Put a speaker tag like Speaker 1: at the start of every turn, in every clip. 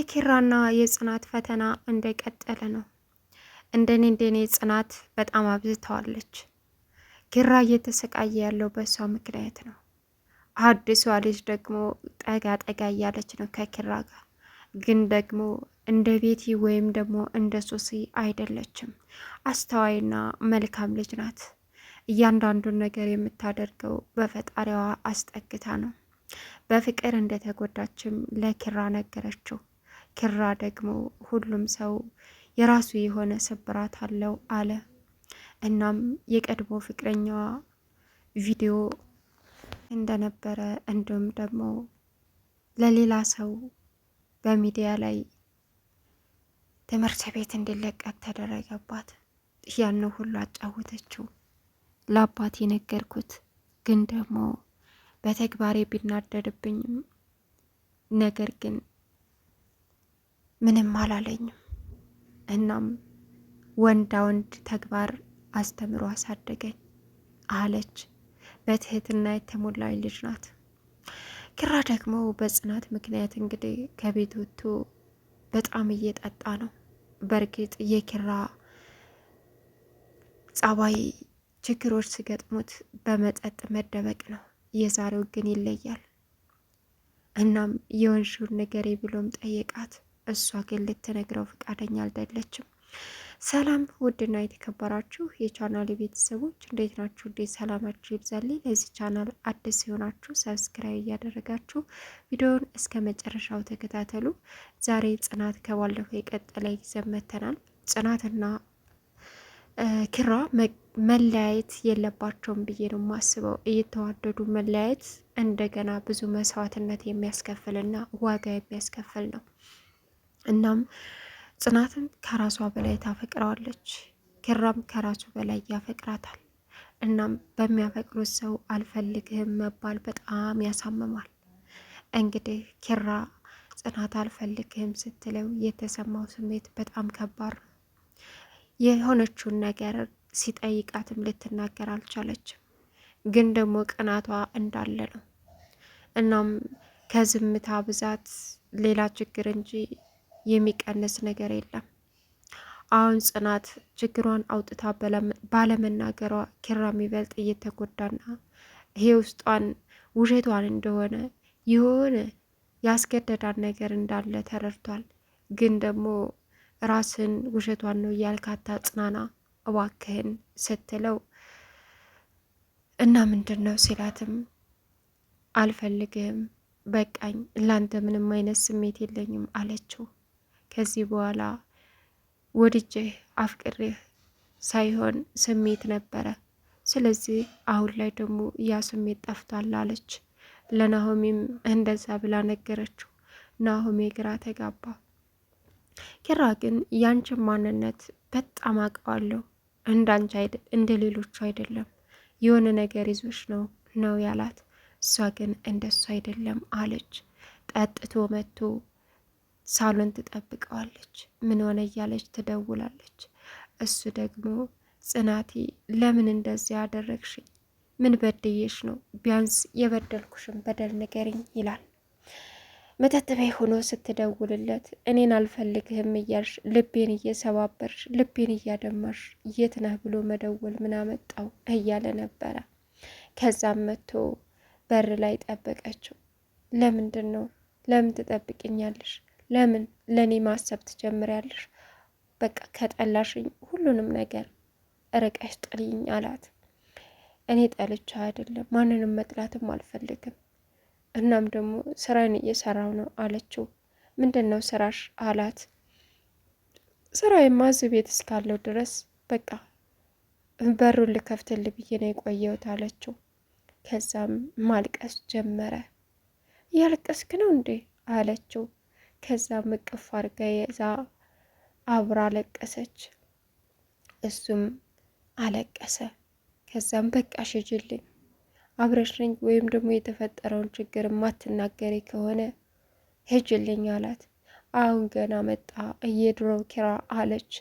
Speaker 1: የኪራና የጽናት ፈተና እንደቀጠለ ነው። እንደኔ እንደኔ ጽናት በጣም አብዝተዋለች። ኪራ እየተሰቃየ ያለው በእሷ ምክንያት ነው። አዲሷ ልጅ ደግሞ ጠጋ ጠጋ እያለች ነው ከኪራ ጋር ግን ደግሞ እንደ ቤቲ ወይም ደግሞ እንደ ሶሲ አይደለችም። አስተዋይና መልካም ልጅ ናት። እያንዳንዱን ነገር የምታደርገው በፈጣሪዋ አስጠግታ ነው። በፍቅር እንደተጎዳችም ለኪራ ነገረችው። ኪራ ደግሞ ሁሉም ሰው የራሱ የሆነ ስብራት አለው አለ። እናም የቀድሞ ፍቅረኛዋ ቪዲዮ እንደነበረ እንዲሁም ደግሞ ለሌላ ሰው በሚዲያ ላይ ትምህርት ቤት እንዲለቀቅ ተደረገባት። ያን ሁሉ አጫወተችው። ለአባት የነገርኩት ግን ደግሞ በተግባሬ ቢናደድብኝም ነገር ግን ምንም አላለኝም። እናም ወንዳ ወንድ ተግባር አስተምሮ አሳደገኝ አለች። በትህትና የተሞላ ልጅ ናት። ኪራ ደግሞ በጽናት ምክንያት እንግዲህ ከቤት ወጥቶ በጣም እየጠጣ ነው። በእርግጥ የኪራ ጸባይ ችግሮች ሲገጥሙት በመጠጥ መደበቅ ነው። የዛሬው ግን ይለያል። እናም የወንሹን ንገሪ ብሎም ጠየቃት። እሷ ግን ልትነግረው ፈቃደኛ አልደለችም። ሰላም ውድና የተከበራችሁ የቻናል ቤተሰቦች እንዴት ናችሁ? እንዴት ሰላማችሁ ይብዛልኝ። ለዚህ ቻናል አዲስ የሆናችሁ ሰብስክራይብ እያደረጋችሁ ቪዲዮውን እስከ መጨረሻው ተከታተሉ። ዛሬ ጽናት ከባለፈው የቀጠለ ይዘመተናል። ጽናትና ኪራ መለያየት የለባቸውም ብዬ ነው ማስበው። እየተዋደዱ መለያየት እንደገና ብዙ መስዋዕትነት የሚያስከፍልና ዋጋ የሚያስከፍል ነው። እናም ጽናትን ከራሷ በላይ ታፈቅረዋለች፣ ክራም ከራሱ በላይ ያፈቅራታል። እናም በሚያፈቅሩት ሰው አልፈልግህም መባል በጣም ያሳምማል። እንግዲህ ኪራ ጽናት አልፈልግህም ስትለው የተሰማው ስሜት በጣም ከባድ ነው። የሆነችውን ነገር ሲጠይቃትም ልትናገር አልቻለችም፣ ግን ደግሞ ቅናቷ እንዳለ ነው። እናም ከዝምታ ብዛት ሌላ ችግር እንጂ የሚቀንስ ነገር የለም። አሁን ጽናት ችግሯን አውጥታ ባለመናገሯ ኪራ የሚበልጥ እየተጎዳና ይሄ ውስጧን ውሸቷን እንደሆነ የሆነ ያስገደዳን ነገር እንዳለ ተረድቷል። ግን ደግሞ ራስን ውሸቷን ነው እያልካታ ጽናና እባክህን ስትለው እና ምንድን ነው ሲላትም አልፈልግህም፣ በቃኝ፣ ላንተ ምንም አይነት ስሜት የለኝም አለችው። ከዚህ በኋላ ወድጄህ አፍቅሬህ ሳይሆን ስሜት ነበረ። ስለዚህ አሁን ላይ ደግሞ ያ ስሜት ጠፍቷል አለች። ለናሆሚም እንደዛ ብላ ነገረችው። ናሆሜ ግራ ተጋባ። ኪራ ግን ያንችን ማንነት በጣም አውቀዋለሁ፣ እንዳንቺ እንደ ሌሎቹ አይደለም፣ የሆነ ነገር ይዞች ነው ነው ያላት። እሷ ግን እንደሱ አይደለም አለች። ጠጥቶ መጥቶ ሳሎን ትጠብቀዋለች። ምን ሆነ እያለች ትደውላለች። እሱ ደግሞ ጽናቴ ለምን እንደዚያ ያደረግሽኝ? ምን በድዬሽ ነው? ቢያንስ የበደልኩሽን በደል ነገርኝ ይላል። መጠጥ ቤት ሆኖ ስትደውልለት እኔን አልፈልግህም እያልሽ ልቤን እየሰባበርሽ ልቤን እያደማሽ የት ነህ ብሎ መደወል ምን አመጣው እያለ ነበረ። ከዛም መጥቶ በር ላይ ጠበቀችው። ለምንድን ነው ለምን ትጠብቅኛለሽ? ለምን ለእኔ ማሰብ ትጀምሪያለሽ? በቃ ከጠላሽኝ ሁሉንም ነገር ርቀሽ ጥልኝ አላት። እኔ ጠልቻ አይደለም ማንንም መጥላትም አልፈልግም። እናም ደግሞ ስራን እየሰራው ነው አለችው። ምንድን ነው ስራሽ አላት። ስራ የማዝ ቤት እስካለው ድረስ በቃ በሩን ልከፍትል ብዬ ነው የቆየሁት አለችው። ከዛም ማልቀስ ጀመረ። እያለቀስክ ነው እንዴ አለችው። ከዛ እቅፍ አድርጋ የዛ አብራ አለቀሰች። እሱም አለቀሰ። ከዛም በቃ ሽጅልኝ አብረሽኝ ወይም ደግሞ የተፈጠረውን ችግር ማትናገሪ ከሆነ ሄጅልኝ አላት። አሁን ገና መጣ እየድሮ ኪራ አለች።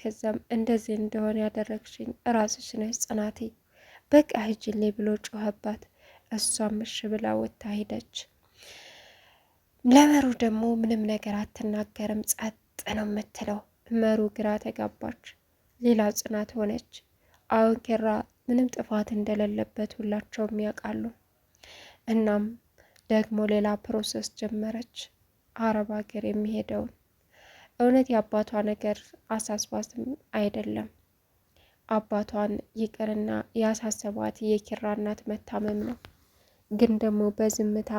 Speaker 1: ከዛም እንደዚህ እንደሆነ ያደረግሽኝ እራስሽ ነሽ ጽናቴ፣ በቃ ሄጅልኝ ብሎ ጮኸባት። እሷም እሽ ብላ ወታ ሄደች። ለመሩ ደግሞ ምንም ነገር አትናገርም፣ ጸጥ ነው የምትለው። መሩ ግራ ተጋባች፣ ሌላ ጽናት ሆነች። አሁን ኪራ ምንም ጥፋት እንደሌለበት ሁላቸውም ያውቃሉ። እናም ደግሞ ሌላ ፕሮሰስ ጀመረች፣ አረብ ሀገር የሚሄደውን። እውነት የአባቷ ነገር አሳስባትም አይደለም አባቷን ይቅርና ያሳሰባት የኪራ እናት መታመም ነው። ግን ደግሞ በዝምታ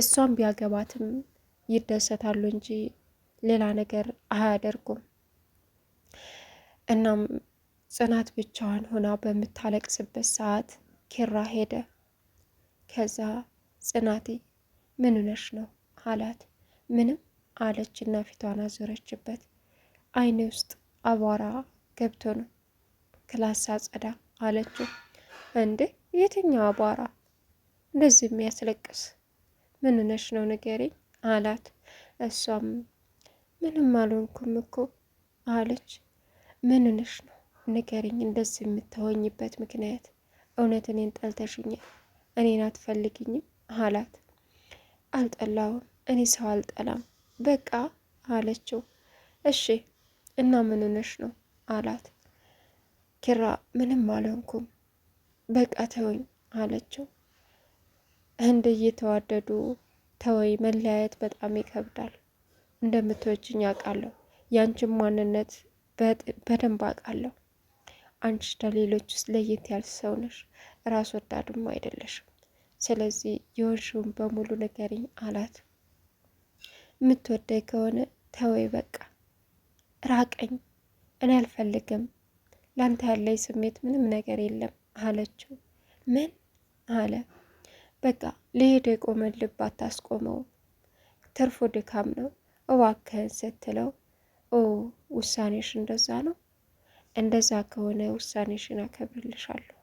Speaker 1: እሷም ቢያገባትም ይደሰታሉ እንጂ ሌላ ነገር አያደርጉም። እናም ጽናት ብቻዋን ሆና በምታለቅስበት ሰዓት ኪራ ሄደ። ከዛ ጽናቴ ምን ነሽ ነው አላት። ምንም አለች እና ፊቷን አዞረችበት። አይኔ ውስጥ አቧራ ገብቶ ነው ክላሳ ጸዳ አለችው። እንዴ የትኛው አቧራ እንደዚህ የሚያስለቅስ ምን ነሽ ነው ንገሪኝ አላት። እሷም ምንም አልሆንኩም እኮ አለች። ምን ነሽ ነው ንገሪኝ እንደዚህ የምታወኝበት ምክንያት? እውነት እኔን ጠልተሽኛል፣ እኔን አትፈልግኝም አላት። አልጠላውም፣ እኔ ሰው አልጠላም በቃ አለችው። እሺ እና ምን ነሽ ነው አላት። ኪራ ምንም አልሆንኩም በቃ ተወኝ አለችው። እንደ እየተዋደዱ ተወይ፣ መለያየት በጣም ይከብዳል። እንደምትወጅኝ አውቃለሁ። ያንቺን ማንነት በደንብ አውቃለሁ። አንቺ ከሌሎች ውስጥ ለየት ያለ ሰው ነሽ። ራስ ወዳድም አይደለሽም። ስለዚህ የሆንሽውን በሙሉ ንገሪኝ አላት። የምትወደኝ ከሆነ ተወይ፣ በቃ ራቀኝ፣ እኔ አልፈልግም፣ ላንተ ያለኝ ስሜት ምንም ነገር የለም አለችው። ምን አለ በቃ ሊሄድ የቆመን ልብ አታስቆመው፣ ትርፎ ድካም ነው እባክህን ስትለው፣ ኦ ውሳኔሽ እንደዛ ነው፣ እንደዛ ከሆነ ውሳኔሽን አከብርልሻለሁ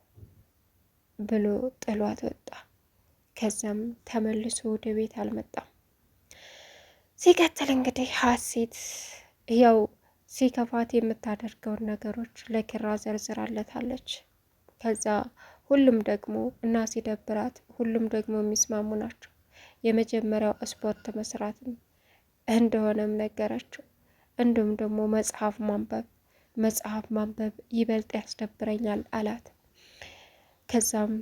Speaker 1: ብሎ ጥሏት ወጣ። ከዛም ተመልሶ ወደ ቤት አልመጣም። ሲቀጥል እንግዲህ ሀሴት ያው ሲከፋት የምታደርገውን ነገሮች ለኪራ ዘርዝራለታለች። ከዛ ሁሉም ደግሞ እና ሲደብራት ሁሉም ደግሞ የሚስማሙ ናቸው። የመጀመሪያው ስፖርት መስራትም እንደሆነም ነገረችው። እንዲሁም ደግሞ መጽሐፍ ማንበብ መጽሐፍ ማንበብ ይበልጥ ያስደብረኛል አላት። ከዛም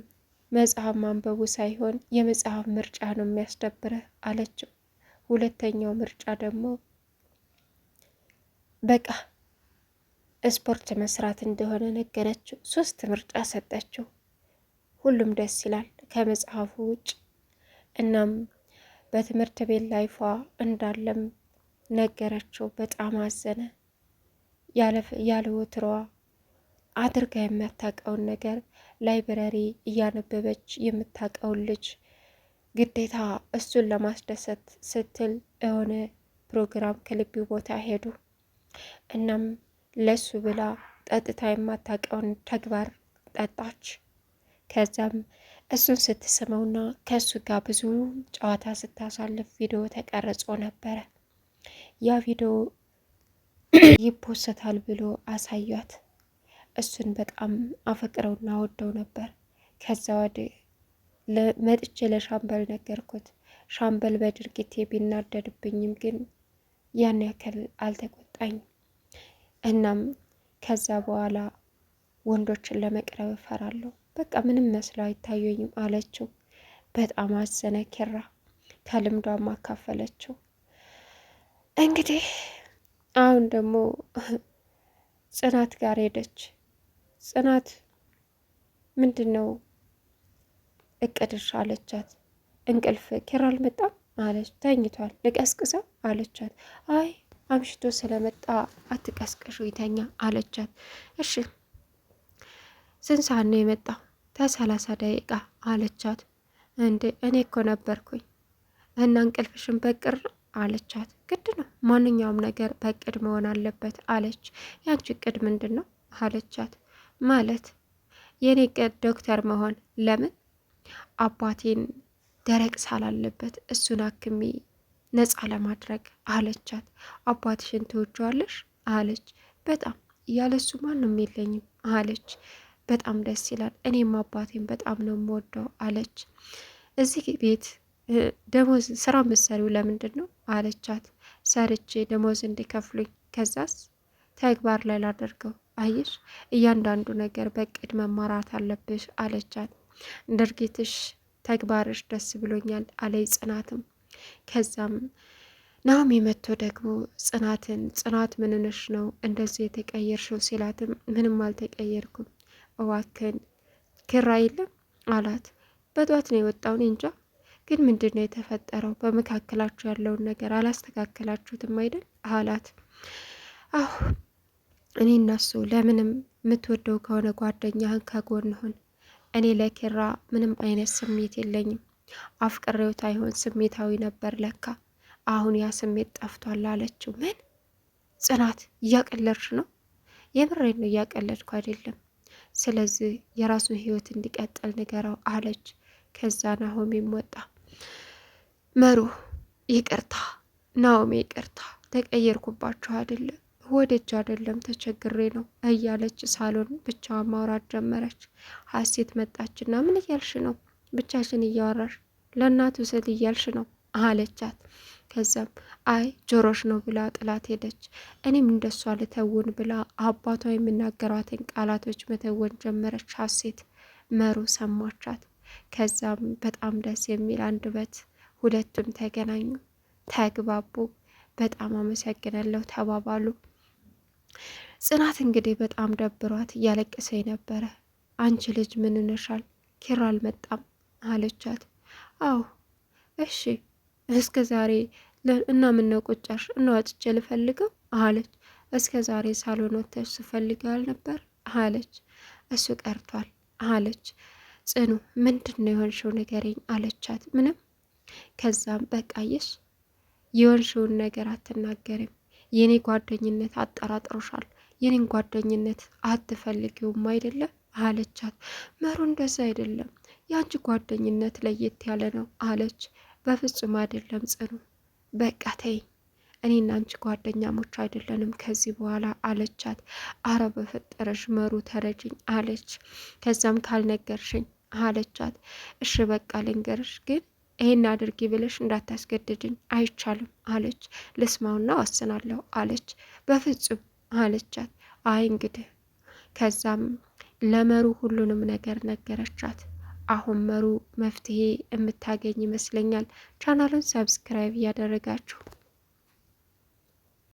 Speaker 1: መጽሐፍ ማንበቡ ሳይሆን የመጽሐፍ ምርጫ ነው የሚያስደብረህ አለችው። ሁለተኛው ምርጫ ደግሞ በቃ ስፖርት መስራት እንደሆነ ነገረችው። ሶስት ምርጫ ሰጠችው። ሁሉም ደስ ይላል ከመጽሐፉ ውጭ። እናም በትምህርት ቤት ላይፏ እንዳለም ነገረችው። በጣም አዘነ። ያለ ወትሯ አድርጋ የማታውቀውን ነገር ላይብረሪ እያነበበች የምታውቀውን ልጅ ግዴታ እሱን ለማስደሰት ስትል የሆነ ፕሮግራም ከልቢው ቦታ ሄዱ። እናም ለሱ ብላ ጠጥታ የማታውቀውን ተግባር ጠጣች። ከዛም እሱን ስትስመውና ከእሱ ጋር ብዙ ጨዋታ ስታሳልፍ ቪዲዮ ተቀርጾ ነበረ። ያ ቪዲዮ ይፖሰታል ብሎ አሳያት። እሱን በጣም አፈቅረውና ወደው ነበር። ከዛ ወደ መጥቼ ለሻምበል ነገርኩት። ሻምበል በድርጊቴ ቢናደድብኝም ግን ያን ያክል አልተቆጣኝም። እናም ከዛ በኋላ ወንዶችን ለመቅረብ እፈራለሁ በቃ ምንም መስሎ አይታየኝም አለችው። በጣም አዘነ ኪራ። ከልምዷም አካፈለችው። እንግዲህ አሁን ደግሞ ጽናት ጋር ሄደች። ጽናት ምንድን ነው እቅድሽ አለቻት። እንቅልፍ ኪራ አልመጣም አለች። ተኝቷል ልቀስቅሰው አለቻት። አይ አምሽቶ ስለመጣ አትቀስቀሹ ይተኛ አለቻት። እሺ ስንት ሰዓት ነው የመጣው? ከሰላሳ ደቂቃ አለቻት። እንዴ እኔ እኮ ነበርኩኝ እና እንቅልፍሽን በቅር አለቻት። ግድ ነው ማንኛውም ነገር በቅድ መሆን አለበት አለች። ያንቺ ቅድ ምንድን ነው አለቻት። ማለት የኔ ቅድ ዶክተር መሆን። ለምን አባቴን ደረቅ ሳላለበት እሱን አክሚ ነጻ ለማድረግ አለቻት። አባትሽን ትወጇዋለሽ አለች። በጣም ያለሱ ማንም የለኝም አለች። በጣም ደስ ይላል፣ እኔም አባቴን በጣም ነው የምወደው አለች። እዚህ ቤት ደሞዝ ስራ መሰሪው ለምንድን ነው አለቻት። ሰርቼ ደሞዝ እንዲከፍሉኝ ከዛስ ተግባር ላይ ላደርገው። አየሽ እያንዳንዱ ነገር በቅድ መማራት አለብሽ አለቻት። ድርጊትሽ፣ ተግባርሽ ደስ ብሎኛል አለይ ጽናትም። ከዛም ናሆም መጥቶ ደግሞ ጽናትን ጽናት ምንንሽ ነው እንደዚህ የተቀየርሽው ሲላትም ምንም አልተቀየርኩም እዋክን ኪራ የለም አላት። በጧት ነው የወጣውን እንጃ ግን ምንድን ነው የተፈጠረው? በመካከላችሁ ያለውን ነገር አላስተካከላችሁትም አይደል አላት። አሁ እኔ እናሱ ለምንም የምትወደው ከሆነ ጓደኛህን ከጎን ሁን። እኔ ለኪራ ምንም አይነት ስሜት የለኝም። አፍቅሬው አይሆን ስሜታዊ ነበር ለካ። አሁን ያ ስሜት ጠፍቷል አለችው። ምን ጽናት እያቀለድሽ ነው? የምሬን ነው እያቀለድኩ አይደለም ስለዚህ የራሱን ህይወት እንዲቀጥል ንገረው አለች። ከዛ ናሆሜም ወጣ። መሩ ይቅርታ፣ ናሆሜ ይቅርታ፣ ተቀየርኩባችሁ አይደለም ወደጅ አይደለም ተቸግሬ ነው እያለች ሳሎን ብቻ ማውራት ጀመረች። ሀሴት መጣችና ምን እያልሽ ነው? ብቻሽን እያወራሽ ለእናቱ ስል እያልሽ ነው አለቻት። ከዛም አይ ጆሮሽ ነው ብላ ጥላት ሄደች። እኔም እንደሷ ልተውን ብላ አባቷ የሚናገሯትን ቃላቶች መተወን ጀመረች። ሀሴት መሩ ሰማቻት። ከዛም በጣም ደስ የሚል አንደበት ሁለቱም ተገናኙ፣ ተግባቡ። በጣም አመሰግናለሁ ተባባሉ። ጽናት እንግዲህ በጣም ደብሯት እያለቀሰ ነበረ። አንቺ ልጅ ምን ነሻል? ኪራ አልመጣም አለቻት። አዎ እሺ እስከ ዛሬ እና ምነው ቆጨሽ? ልፈልገው አለች። እስከ ዛሬ ሳሎን ወጥተሽ ስፈልገው አልነበር አለች። እሱ ቀርቷል አለች። ጽኑ ምንድን ነው የሆንሽው ንገሪኝ አለቻት። ምንም ከዛም በቃየሽ የሆንሽውን ነገር አትናገርም። የኔ ጓደኝነት አጠራጥሮሻል። የኔን ጓደኝነት አትፈልጊውም አይደለም አለቻት። መሩ እንደዛ አይደለም፣ የአንቺ ጓደኝነት ለየት ያለ ነው አለች። በፍጹም አይደለም ጽኑ፣ በቃ ተይ፣ እኔ እናንቺ ጓደኛሞች አይደለንም ከዚህ በኋላ አለቻት። አረ በፈጠረሽ መሩ ተረጅኝ አለች። ከዛም ካልነገርሽኝ አለቻት። እሺ በቃ ልንገርሽ ግን ይሄን አድርጊ ብለሽ እንዳታስገድድኝ አይቻልም አለች። ልስማውና ወስናለሁ አለች። በፍጹም አለቻት። አይ እንግዲህ ከዛም ለመሩ ሁሉንም ነገር ነገረቻት። አሁን መሩ መፍትሄ የምታገኝ ይመስለኛል። ቻናሉን ሰብስክራይብ እያደረጋችሁ